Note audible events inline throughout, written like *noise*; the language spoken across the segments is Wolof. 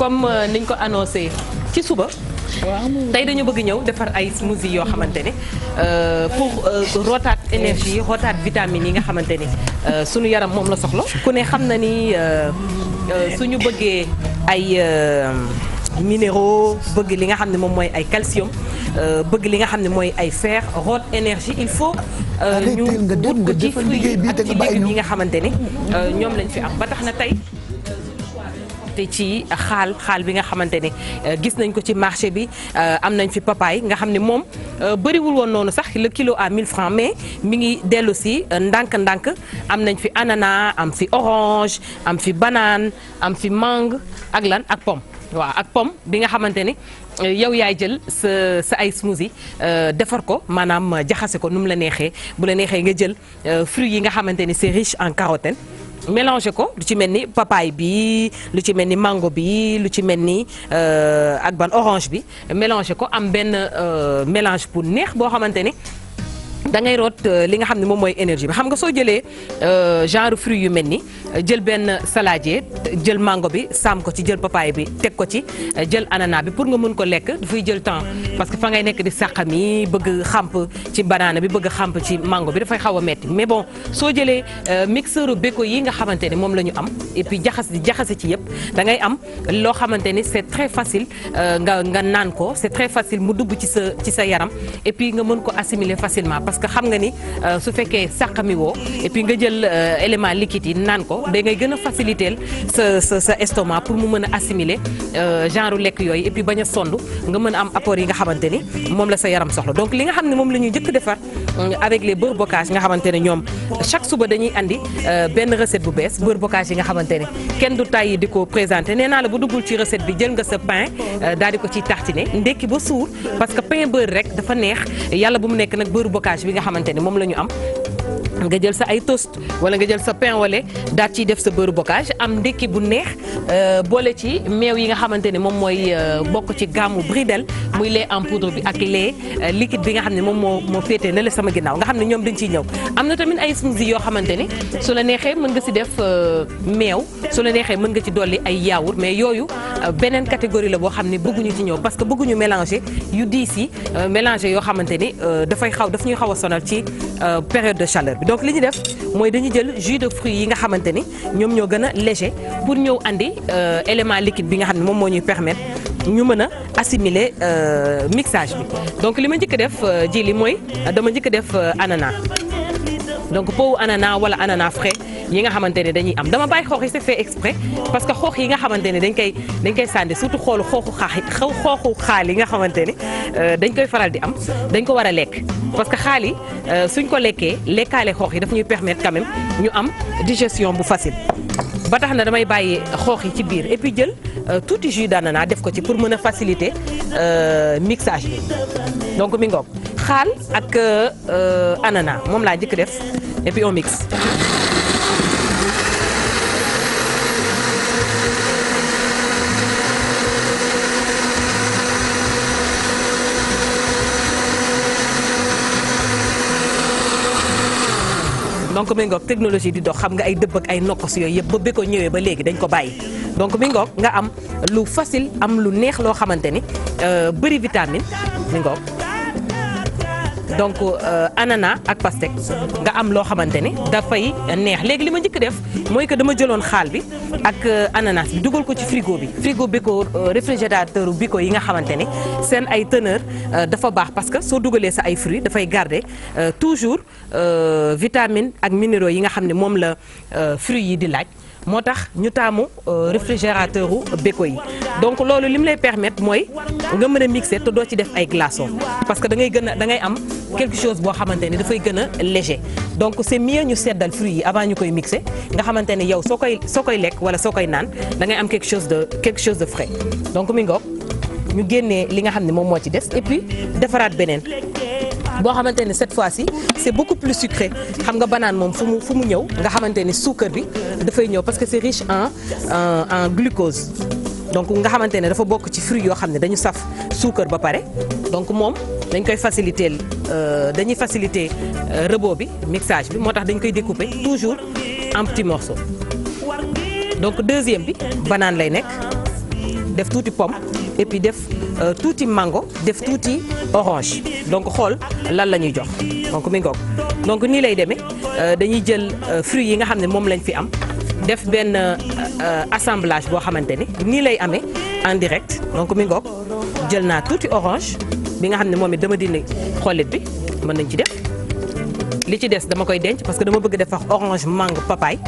comme euh, niñ ko annoncé ci suba. tey dañu bëgg ñëw defar ay smoothie yoo xamante ne euh, pour euh, rotaat énergie rotaat vitamine yi nga xamante ni suñu yaram moom la soxla ku ne xam na ni suñu bëggee ay minéraux bëgg li nga xam ne moom mooy ay calcium bëgg li nga xam ne mooy ay fer root énergie il faut ñu wut ko ci fruits ak ci légumes yi nga xamante ni ñoom lañ fi am ba tax na tey jaayante ci xaal xaal bi nga xamante ne euh, gis nañ ko ci marché bi euh, am nañ fi papaay nga xam ni moom euh, bariwul woon noonu sax le kilo à mille francs mais mu ngi dellu si ndànk-ndànk am nañ fi ananas am fi orange am fi banaan am fi mangue ak lan ak pomme waaw ak pomme bi nga xamante ni yow yaay jël sa sa ay smoothie defar ko maanaam jaxase ko nu mu la neexee bu la neexee nga jël fruits yi nga xamante ni c'est riche en carotène mélangé ko lu ci mel ni papaye bi lu ci mel ni mango bi lu ci mel ni euh, ak ban orange bi mélangé ko am benn euh, mélange bu neex boo xamante ni da ngay root euh, li nga xam ne moom mooy énergie bi xam nga soo jëlee euh, genre fruit yu mel ni euh, jël benn saladier jël mango bi saam ko ci jël papaye bi teg ko ci jël anana bi pour nga mën ko lekk dafay jël temps parce que fa ngay nekk di sàqami bëgg xamp ci banana bi bëgg xamp ci mango bi dafay xaw a metti mais bon soo jëlee mixeur béko yi nga xamante ne moom la ñu am et puis jaxas di jaxase ci yëpp dangay am loo xamante ni c'est très facile nga nga naan ko c'est très mu dugg ci sa ci sa yaram et puis mën ko assimiler facilement parce que xam nga ni euh, su fekkee sàqami woo nga jël euh, élément liquide yi naan ko da ngay gën a faciliter sa sa sa estomac pour mu mën a assimiler euh, genre lekk yooyu et puis bañ nga mën am apport yi nga xamante ni moom la sa yaram soxla donc li nga xam ne moom la ñuy jëkk defar avec les beurre bocage nga xamante ne ñoom chaque suba dañuy indi benn recette bu bees beurre bocage yi nga xamante ne kenn du tàyyi di ko présenté nee naa la bu duggul ci recette bi jël nga sa pain daal di ko ciy tartiner ndekki ba suur parce avantage bi nga xamante ne moom la ñu am nga jël sa ay toast wala nga jël sa pain au lait daal ciy def sa beurre bocage am ndekki bu neex euh, boole ci meew yi nga xamante ne moom mooy euh, bokk ci gàmmu gaamu Bridel muy lait en poudre bi ak lait euh, liquide bi nga xam ne moom moo moo féetee na la sama ginnaaw nga xam ne ñoom dañ ciy ñëw. am na tamit ay smoothie yoo xamante ne su la neexee mën nga si def meew su la neexee mën nga ci dolli ay yaourt mais yooyu beneen catégorie la boo xam ne bëgguñu ci ñëw parce que bëgguñu mélanger yu diis yi mélanger yoo xamante ni dafay xaw daf ñuy xaw a sonal ci période de bi donc li ñu def mooy dañu jël jus de fruits yi nga xamante ni ñoom ñoo gën a léger pour ñëw andi euh, élément liquide bi nga xam ne moom moo ñuy permettre ñu mën a assimiler euh, mixage bi donc li ma njëkk def euh, ji li mooy dama njëkk def ananas donc peau ananas wala ananas frais yi nga xamante ne dañuy am dama bàyyi xoox yi c'est parce que xoox yi nga xamante ne dañ koy dañ koy sànni surtout xoolu xooxu xaax xooxu xaal yi nga xamante ne euh, dañ koy faral di am dañ ko war a lekk parce que xaal yi euh, suñ ko lekkee lekkaale xoox yi daf ñuy permettre quand même ñu am digestion bu facile ba tax na damay bàyyi xoox yi ci biir et puis jël euh, tuuti jus d'ananas def ko ci pour mën a faciliter mixage bi donc mi xaal ak ananas moom laa njëkk def et puis on donc mi ngoog technologie di dox xam nga ay dëbb ak ay nokkos yooyu yëpp ba bi ko ñëwee ba léegi dañ ko bàyyi donc mi nga am lu facile am lu neex loo xamante ni euh, bëri vitamine mi ngoog donc euh, anana ak pastèque nga am loo xamante ne dafay neex léegi li ma njëkk def mooy que dama jëloon xaal bi ak euh, ananas bi dugal ko ci frigo bi frigo bi ko euh, réfrigérateur bi ko yi nga xamante ne seen ay teneur dafa baax parce que soo dugalee sa ay fruits dafay garder toujours vitamine ak minéraux yi nga xam ne moom la fruits yi di laaj moo tax ñu taamu euh, réfrigérateur u béko yi donc loolu li mu lay permettre mooy nga mën a mixer te doo ci def ay glaçons parce que da ngay gën a dangay am quelque chose boo xamante ne dafay gën a léger donc c'est mieux ñu seddal fruits yi avant ñu koy mixer nga xamante ne yow soo koy soo koy lekk wala soo koy naan dangay am quelque chose de quelque de frais donc mi ñu génnee li nga xam ne moom moo ci des et puis defaraat beneen boo xamante ne cette fois si c'est beaucoup plus sucré xam nga banaan moom fu mu fu mu ñëw nga xamante ne suukar bi dafay ñëw parce que c'est riche en en, en glucose donc nga xamante ne dafa bokk ci fruits yoo xam ne dañu saf suukar ba pare donc moom dañ koy faciliter euh, dañuy faciliter euh, rebot bi mixage bi moo tax dañ koy découper toujours en petits donc deuxième bi banaan lay nekk def tuuti pomme et def euh, tuuti mango def tuuti orange donc xool lan la ñuy jox donc mi ngoog donc nii lay demee euh, dañuy jël euh, fruits yi nga xam ne moom lañ fi am def benn assemblage boo xamante ne nii lay amee en direct donc mi ngoog jël naa tuuti orange bi nga xam ne moom it dama dindi xollit bi mën nañ ci def li ci des dama koy denc parce que dama bëgg def orange mangue papaye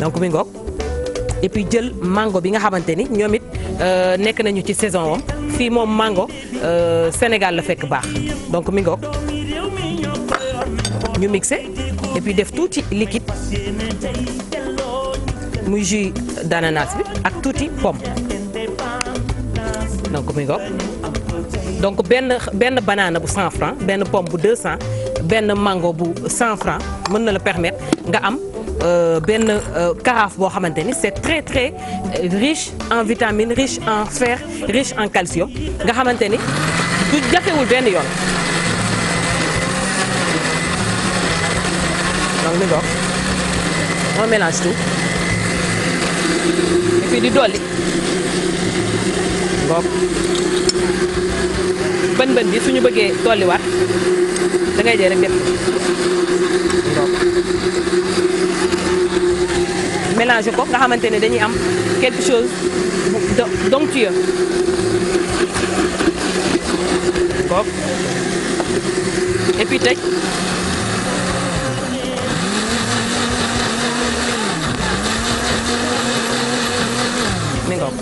donc mi ngoog et jël mango bi nga xamante ni ñoom it euh, nekk nañu ci saison wam fii moom mango euh, Sénégal la fekk baax donc mi ngoog ñu mixé et def tuuti liquide muy jus d'ananas bi ak tuuti pom donc mi donc benn benn banaana bu 100 benn pomme bu 200 benn mango bu 100 francs mën na la permettre nga am. Euh, benn euh, carafe boo xamante ni c'est très très riche en vitamines riche en fer riche en calcium nga xamante ni du jafewul benn yoon donc mi ngoog on mélange tout et di dolli ngoog bën bën bi suñu bëggee dolliwaat da ngay jël rek def mélangé ko nga xamante ne dañuy am quelque chose de donctueux kook et puis tëj mi ngoog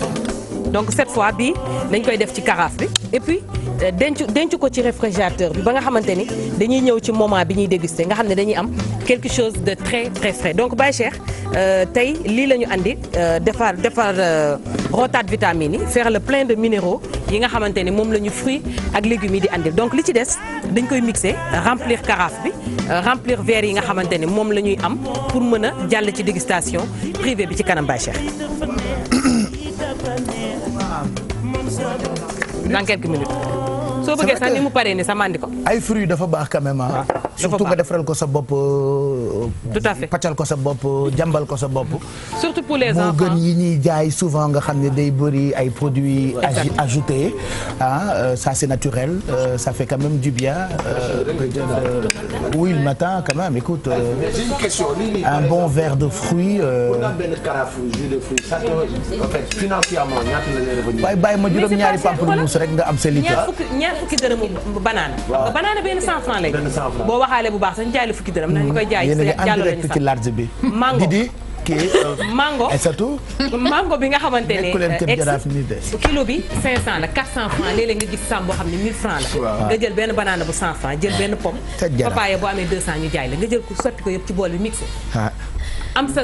donc cette fois bi dañ koy def ci carafe bi et puis denc denc ko ci réfrigérateur bi ba nga xamante ni dañuy ñëw ci moment bi ñuy déguster nga xam ne dañuy am quelque chose de très très frais donc Baye Cheikh euh, tey lii la ñu andi euh, defar defar euh, rotate vitamines yi faire le plein de minéraux yi nga xamante ni moom la ñu fruits ak légumes yi di indi donc li ci des dañ koy mixer remplir carafe bi remplir verre yi nga xamante ni moom la ñuy am pour mën a jàll ci dégustation privée bi ci kanam Baye Cheikh *coughs* *coughs* dans quelques minutes soo bëggee sax ni mu paree ni sa mandi ko ay fruits dafa baax quand même ah. surtout nga defaral ko sa bopp. Euh, tout ko sa bopp jàmbal ko sa bopp. surtout gën yi ñuy jaay souvent nga xam ne day bëri ay produits. ajoutés ah euh, ça naturel euh, ça fait quand même du bien. oui le matin quand même écoute. un bon verre de fruits. waaye bàyyi ma juróom ñaari pamplemousse rek nga am sa litre. ñaar fukki dërëmu banaana. waaw banaana benn 100 francs waxaale bu baax sax ñu jaay la fukki dërëm. nañu koy jaay jàllale ñu sax euh, bi. nga xamante ne. nekkuleen kër euh, jaraaf nii de. kilo bi xam ne 1000 francs la. nga jël benn banana bu 100 francs jël benn pomme. te jaraaf jaay la nga jël ko sotti ko yëpp ci ah. am nga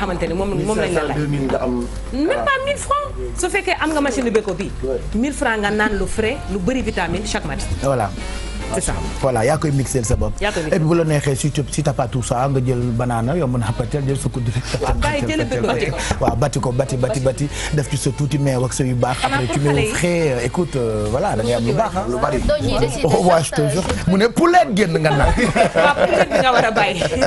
xamante ne moom moom lañ la fekkee am nga machine lu béko bi 1000 francs nga naan lu frais lu bëri vitamine chaque matin. c'est ça voilà yaa koy mixer la neexee si si t'as pas tout nga jël banaana yow a patel jël sa kuddu. waaw bàyyi *laughs* bati ko bati bati bati bati def ci sa tuuti meew ak sa yu baax. après tu mets au frais euh, écoute euh, voilà da ngay am lu baax lu bari. waaw oh, je te jure mu ne poulet génn nga naan. *laughs* a bàyyi. *laughs*